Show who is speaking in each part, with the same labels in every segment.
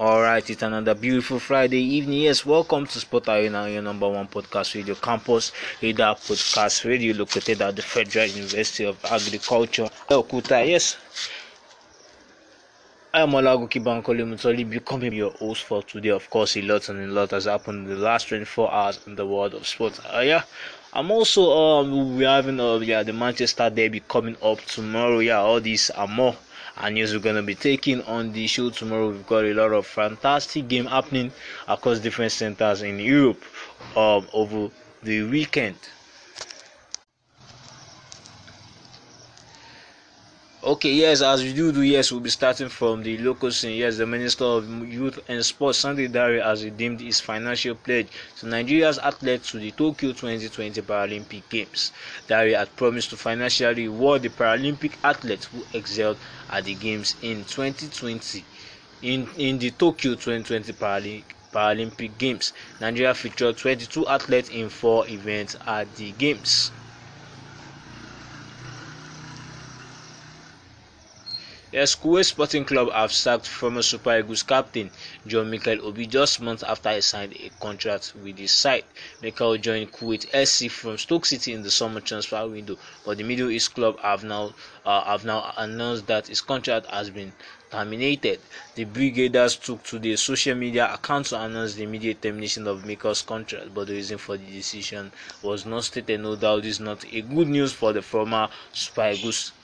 Speaker 1: All right, it's another beautiful Friday evening. Yes, welcome to Sport Arena, your number one podcast radio campus, Radio Podcast Radio, located at the Federal University of Agriculture, Okuta. Yes, I am Olagoki Bankole Mutoli, becoming your host for today. Of course, a lot and a lot has happened in the last 24 hours in the world of sports. Uh, yeah, I'm also um we're having uh, yeah the Manchester Derby coming up tomorrow. Yeah, all these and more and news we're going to be taking on the show tomorrow. We've got a lot of fantastic game happening across different centers in Europe um, over the weekend. Okay, yes, as we do do, yes, we'll be starting from the local scene. Yes, the Minister of Youth and Sports, Sunday Dari, has redeemed his financial pledge to Nigeria's athletes to the Tokyo 2020 Paralympic Games. Dari had promised to financially reward the Paralympic athletes who excelled at the Games in 2020 in, in the Tokyo 2020 Paralympic Paralympic Games. Nigeria featured 22 athletes in four events at the Games. The Kuwait Sporting Club have sacked former Super Eagles captain John Mikel Obi just months after he signed a contract with the side. Mikel joined Kuwait SC from Stoke City in the summer transfer window, but the Middle East club have now uh, have now announced that his contract has been terminated. The brigaders took to their social media accounts to announce the immediate termination of Michael's contract, but the reason for the decision was not stated. No doubt this is not a good news for the former Super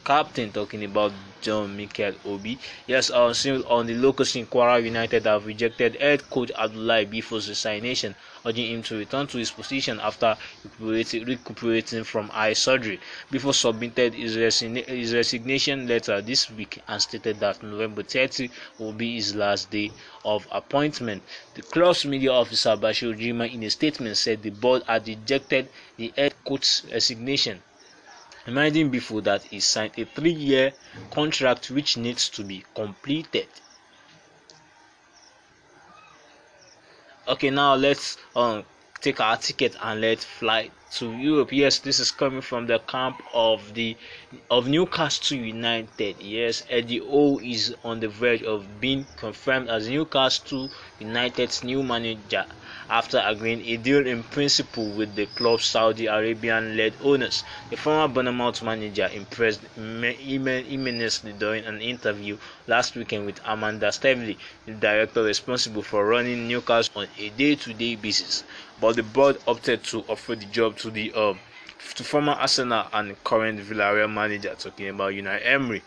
Speaker 1: captain talking about John Mikel Obi. Yes, our on the local in Kwara United have rejected head coach Abdullahi Bifo's resignation, urging him to return to his position after recuperating, recuperating from eye surgery. Before submitted his, resign his resignation letter this week and stated that November November 30 will be his last day of appointment. The club's media officer Bashir Juma, in a statement said the board had rejected the head coach's resignation, reminding before that he signed a three-year contract which needs to be completed. Okay, now let's um take our ticket and let's fly to Europe. Yes, this is coming from the camp of the of Newcastle United. Yes, Eddie O is on the verge of being confirmed as Newcastle United's new manager after agreeing a deal in principle with the club's Saudi Arabian led owners. The former Bournemouth manager impressed immensely during an interview last weekend with Amanda Stevely, the director responsible for running Newcastle on a day to day basis. But the board opted to offer the job to the um, to former Arsenal and current Villarreal manager, talking about Unai Emery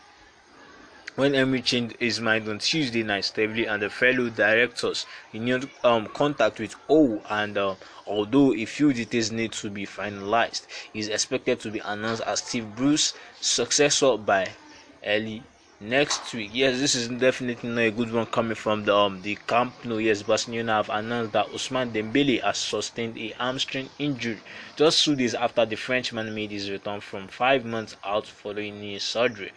Speaker 1: when Emery changed his mind on Tuesday night, Stavely and the fellow directors renewed um, contact with O and uh, although a few details need to be finalized, is expected to be announced as Steve Bruce's successor by early next week. Yes, this is definitely not a good one coming from the um the Camp No. Yes, Barcelona have announced that Usman Dembele has sustained a hamstring injury just two days after the Frenchman made his return from five months out following knee surgery.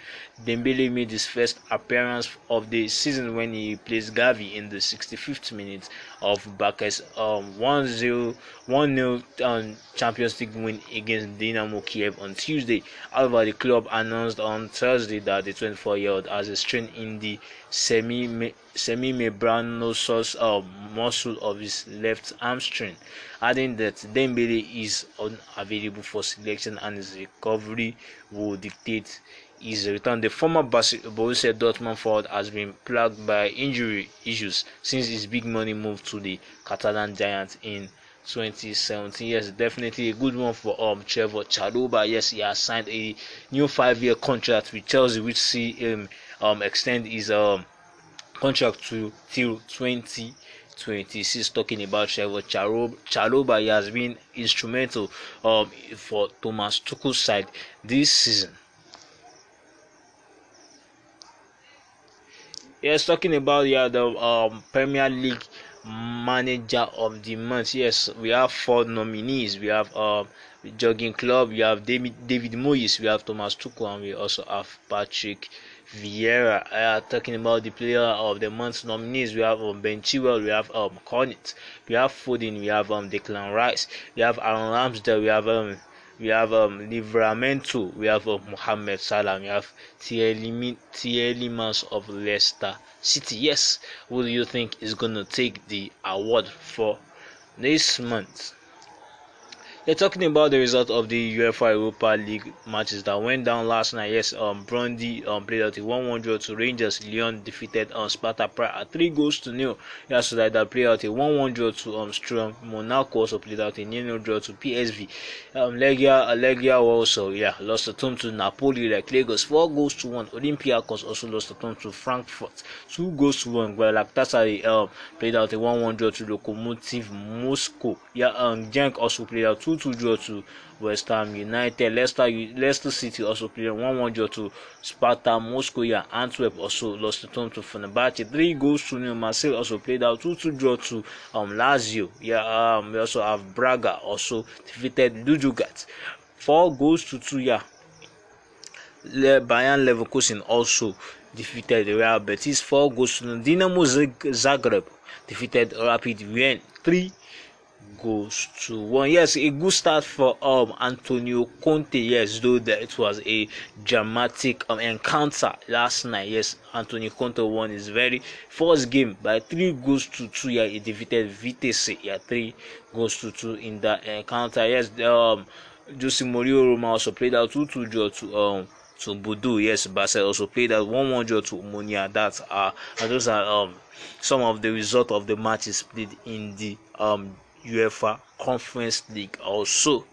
Speaker 1: Dembele made his first appearance of the season when he placed Gavi in the 65th minute of Barca's um 1-0 1-0 um, Champions League win against Dinamo Kiev on Tuesday. However, the club announced on Thursday that the 24-year period as a strain in the semi membranosus uh, muscle of his left hamstring, adding that Dembele is unavailable for selection and his recovery will dictate his return. The former Borussia Dortmund forward has been plagued by injury issues since his big money move to the Catalan Giants in 2017. Yes, definitely a good one for um Trevor Chalobah. Yes, he has signed a new five-year contract with Chelsea, which see him um, um extend his um contract to till 20. 26 talking about Trevor Chaloba. He has been instrumental um, for Thomas Tuchel's side this season. Yes, talking about yeah, the um, Premier League manager of the month. Yes, we have four nominees. We have uh, Jogging Club, we have David, David Moyes, we have Thomas Tuchel, and we also have Patrick Vieira. Uh, talking about the player of the month nominees, we have um, Ben Chilwell, we have um, Cornet, we have Foden, we have um, Declan Rice, we have Aaron Ramsdale, we have um, we have um, Livramento, we have uh, um, Mohamed Salah, we have Thierry, of Leicester City. Yes, who do you think is going to take the award for this month? They're talking about the result of the UEFA Europa League matches that went down last night. Yes, um, Brondby um, played out a 1-1 draw to Rangers. Leon defeated um, Sparta Prague at three goals to nil. so that played out a 1-1 draw to um, Strom. Monaco also played out a 0-0 draw to PSV. Um, Legia, Legia also, yeah, lost a turn to Napoli. Like Lagos, four goals to one. Olympiacos also lost a turn to Frankfurt, two goals to one. While Galatasaray um, played out a 1-1 draw to Lokomotiv Moscow. Yeah, um, Genk also played out two Two draw to West Ham United. Leicester, Leicester City also played One 1 draw to Sparta Moscow. Antwerp also lost at home to Fenerbahce. Three goals to nil. Marseille also played out Two 2 draw to um, Lazio. Yeah, um, we also have Braga also defeated Ludugat. Four goals to two. Yeah. Bayern Leverkusen also defeated Real Betis. Four goals to nil. Dinamo Zagreb defeated Rapid Wien. Three goes to one. Yes, a good start for um Antonio Conte. Yes, though that it was a dramatic um, encounter last night. Yes, Antonio Conte won his very first game by three goals to two. Yeah, he defeated Vitesse. Yeah, three goals to two in that encounter. Yes, the, um Jose Mourinho Roma also played out two two draw to um to Budu. Yes, Basel also played that one one draw to Omonia. That are those are um, some of the result of the matches played in the um UEFA Conference League also.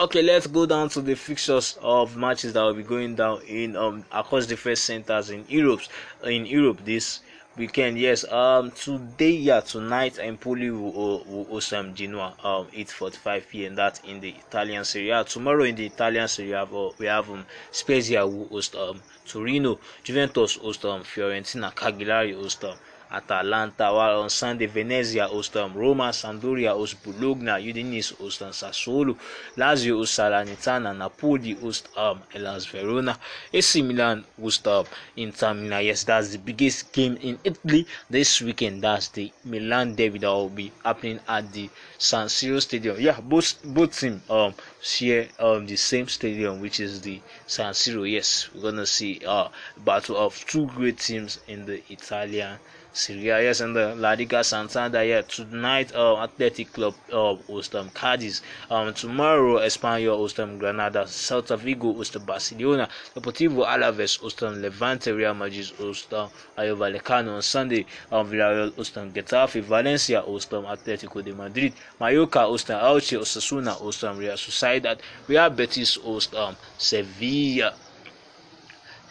Speaker 1: Okay, let's go down to the fixtures of matches that will be going down in um across different centers in Europe in Europe this weekend. Yes, um today yeah tonight Empoli will, will, host um Genoa um 8:45 p.m. That in the Italian Serie A. Tomorrow in the Italian Serie A we have um Spezia will host um Torino, Juventus host um Fiorentina, Cagliari host um Atalanta while on Sunday Venezia host um, Roma, Sampdoria host Bologna, Udinese host um, Sassuolo, Lazio host Salernitana, Napoli host um, Elas Verona, AC Milan host um, Inter Milan. Yes, that's the biggest game in Italy this weekend. That's the Milan derby that will be happening at the San Siro Stadium. Yeah, both both teams um share um the same stadium, which is the San Siro. Yes, we're gonna see a uh, battle of two great teams in the Italian. Syria, yes, and the La Liga Santander. Yeah, tonight, um, Athletic Club uh, host um, Cadiz. Um, tomorrow, Espanyol host um, Granada, of Vigo host Barcelona, Deportivo Alaves host um, Levante, Real Madrid host um, Rayo Vallecano on Sunday, um, Villarreal host um, Getafe, Valencia host um, Atletico de Madrid, Mallorca host um, Elche, Osasuna host um, Real Sociedad, Real Betis host um, Sevilla.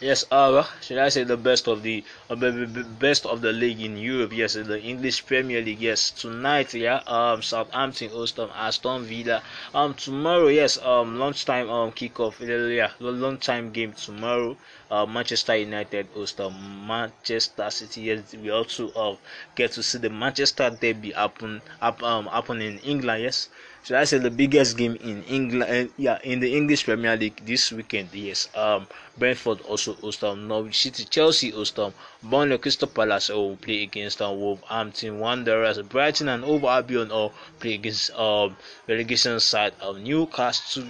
Speaker 1: Yes, uh, should I say the best of the uh, best of the league in Europe? Yes, the English Premier League. Yes, tonight, yeah, um, Southampton host um, Aston Villa. Um, tomorrow, yes, um, lunchtime um kickoff. Yeah, time game tomorrow. Uh, Manchester United host um, Manchester City. Yes, we also uh, get to see the Manchester derby happen up, um, happen in England. Yes. So that's the biggest game in England. Uh, eh, yeah, in the English Premier League this weekend. Yes. Um, Brentford also host um, Norwich City, Chelsea host um, Burnley, Crystal Palace will oh, play against um, Wolverhampton Wanderers, Brighton and Over Albion all play against um relegation side of Newcastle.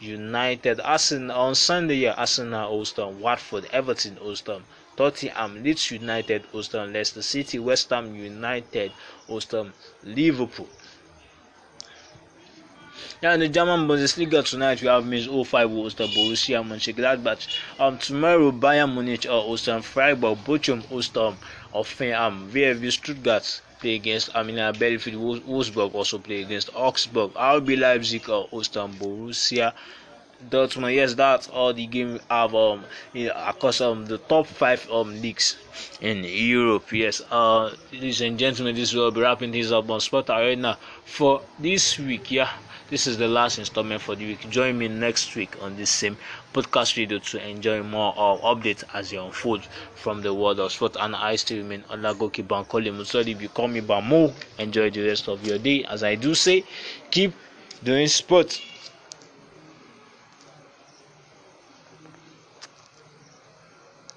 Speaker 1: United, Arsenal on Sunday, yeah, Arsenal host um, Watford, Everton host um, Tottenham, Leeds United, Houston, Leicester City, West Ham United, Houston, Liverpool. Yeah, in the German Bundesliga tonight, we have Mainz 05 will host Borussia Mönchengladbach. Um, tomorrow, Bayern Munich uh, host Freiburg, Bochum host um, Offenham, VfB Stuttgart play against Amina Belfield, Wolfsburg also play against Augsburg, RB Leipzig uh, host um, Borussia Dortmund. Yes, that's all the game we have um in, across um the top five um leagues in Europe. Yes, uh, ladies and gentlemen, this will be wrapping things up on Sport Arena for this week. Yeah. This is the last installment for the week. Join me next week on this same podcast video to enjoy more of updates as you unfold from the world of sport. And I still remain Olagoki Bankole Musoli. If you call me Bamo, enjoy the rest of your day. As I do say, keep doing sports.